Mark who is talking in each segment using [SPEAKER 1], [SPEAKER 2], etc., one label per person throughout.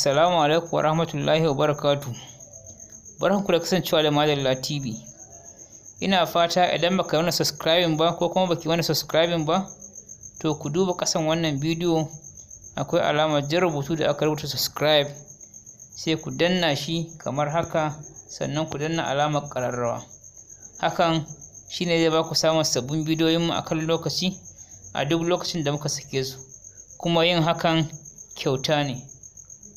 [SPEAKER 1] Assalamu alaikum wa rahmatullahi wa barakatu. Barkanku da kasancewa da Madalla TV. Ina fata idan baka wani subscribing ba ko kuma baki wani subscribing ba, to ku duba kasan wannan bidiyo akwai alama jan rubutu da aka rubuta subscribe sai ku danna shi kamar haka sannan ku danna alamar ƙararrawa. Hakan ne zai baku samun sabbin bidiyoyinmu a kan lokaci a duk lokacin da muka sake su. Kuma yin hakan kyauta ne.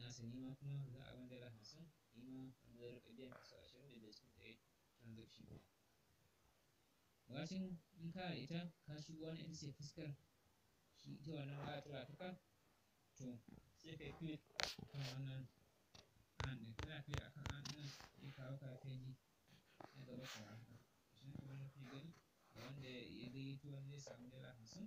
[SPEAKER 1] Na sanima kuma za a ban dala hamsin nima wanda zai rika biyan kaso ashirin da biyar cikin ɗari transaction
[SPEAKER 2] bacin in ka da ita
[SPEAKER 1] ka shigo wani ita ce fuskar shi ita wannan ba tura ta to sai ka yi click kan wannan an ɗin kana click a kan an ɗin ya kawo ka feji ya gaba ka haka shi ne kamar mafi gani wanda ya gayyato wani zai samu dala hamsin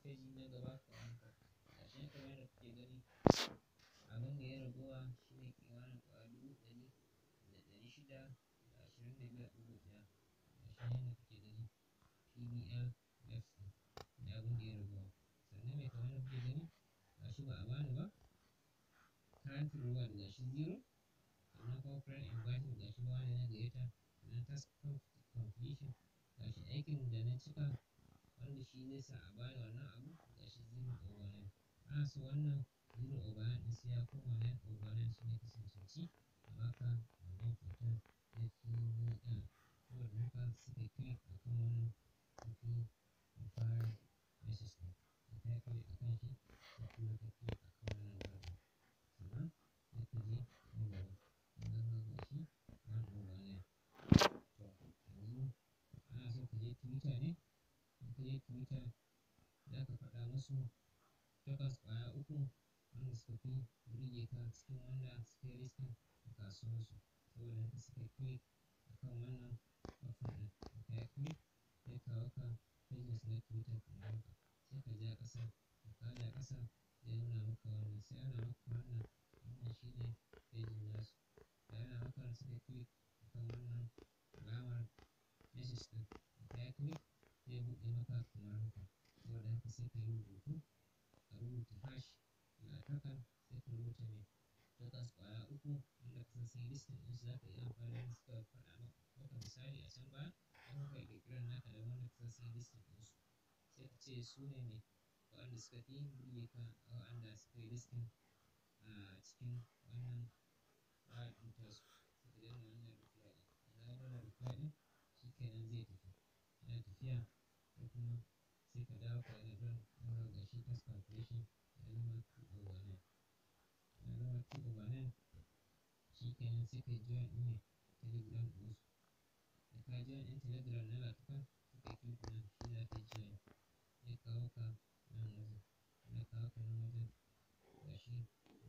[SPEAKER 1] raguwa shi ne kimanin ƙwaya dubu ɗari da ɗari shida da ashirin da biyar ɗigo ɗaya ashirin na kuke gani PBL F da abin da ya raguwa sannan mai kamar kuke gani ga shi ba a bani ba current reward ga shi zero sannan kuma friend inviting ga shi ba wani na gayyata sannan task completion ga shi aikin da na cika wanda shi nesa a bani wannan abu ga shi zero ɗin wannan ana so wannan zero over is ɗin da kuma ta ga uku fi burge ka cikin wanda suka rista a kasuwarsu. Saboda haka suka click akan wannan offer ɗin. Da ka yi click zai kawo ka pages na Twitter kamar haka. Sai ka ja ƙasa, da ka ja ƙasa zai nuna maka wannan, sai ana maka wannan, wannan shine pagin nasu. Da ana maka sai ka click akan wannan alamar message ɗin. Da buɗe maka kamar haka. Saboda haka sai ka yi rubutu, ka rubuta hash. na ɗaukar sai rubuta mai tokens ƙwaya uku inda kusan sun listin ɗin su za iya amfani da suka faɗa maka misali a can baya don haka ƙirƙirar naka da wanda kusan sun listin ɗin su sai ka ce su ne mai waɗanda suka fi burge ka waɗanda suka yi a cikin wannan ra'ayin ɗin tasu sai ka danna wannan reply ɗin da ya danna reply ɗin shi kenan zai tafi yana tafiya ka kuma sai ka dawo ka yi na ɗin ɗaura ga shi task calculation ya zama you can simply join me Telegram group. You can join in Telegram na ka suka click nan shi za ka join. Zai kawo ka nan wajen. Zai kawo ka nan wajen. Ga shi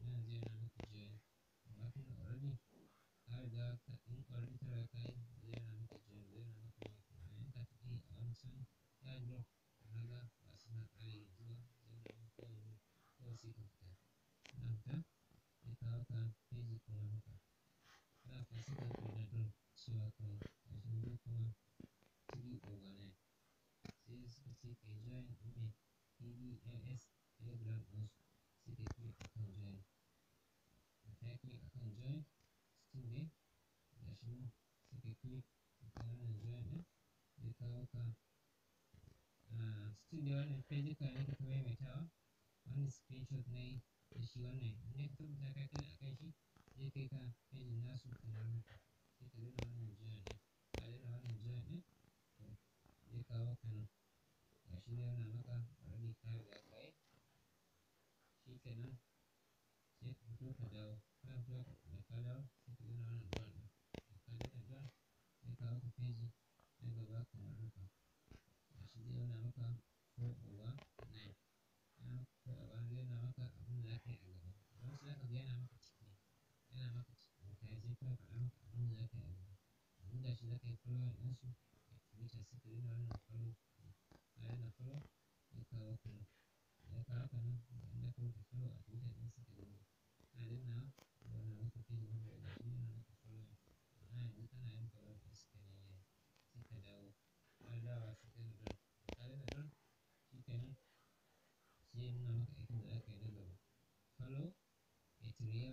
[SPEAKER 1] nan zai na maka join. Amma kuma already ka riga ka in already ka riga ka yi zai na maka join zai na maka join. Amma in ka tafi a wani can ya drop na ga ba su na ƙare yanzu ba zai na maka kawai kawai sai ka fita. Na fita zai kawo ka page kuma haka. screenshot này, visual này, nên tôi đã cái cái cái gì zai kai ka page nasu yi da ka dawo da na da a gaba yana maka ka je kawai faɗa maka abin da yi a yanzu da shi za ka yi following na wannan kawo kawo na ya ya yi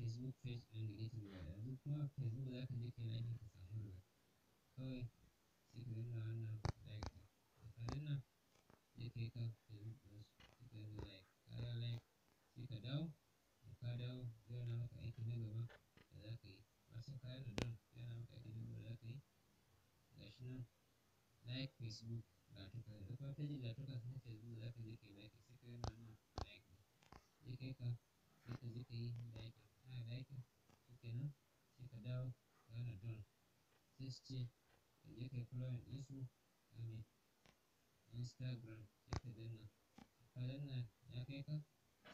[SPEAKER 1] facebook page ɗin da yake facebook ka je ka yi like da ka facebook like like da ka na gaba da like facebook ss ce in je kai following ɗinsu a me instagram sai ka danna ka ya kai ka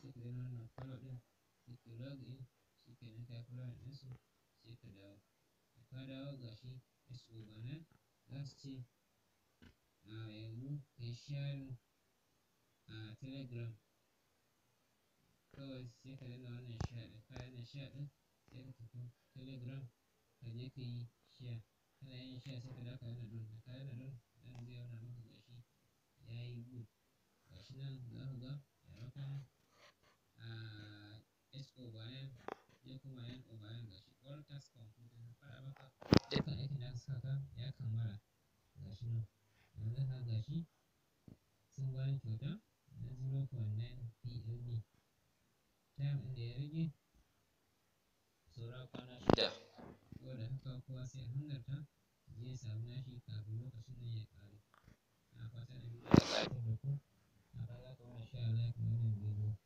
[SPEAKER 1] sai ka danna wannan follow ɗin in shi ke nan kai following ɗinsu sai ka dawo da ka gashi nan su ce a yanzu ka yi a telegram kawai sai ka danna wannan sha ɗin ka telegram ka yi share kana yin sha sai ka dawo yana don da ka don dan zai yana maka gashi ya yi nan za ku ga maimakon a ah, h over n ya kuma n over n gashi all task computer ta fara maka dukkan aikin da aka saka ya kammala gashi nan yanzu ka gashi sun bayan kyauta na 0.9 pmb time ya rage kowa sai ya hangarta je ya samu nashi kafin lokacin nan ya ƙare. Na fata da biyu da ƙarfi da ku, na fata kuma sha Allah ya kuma wannan bidiyo.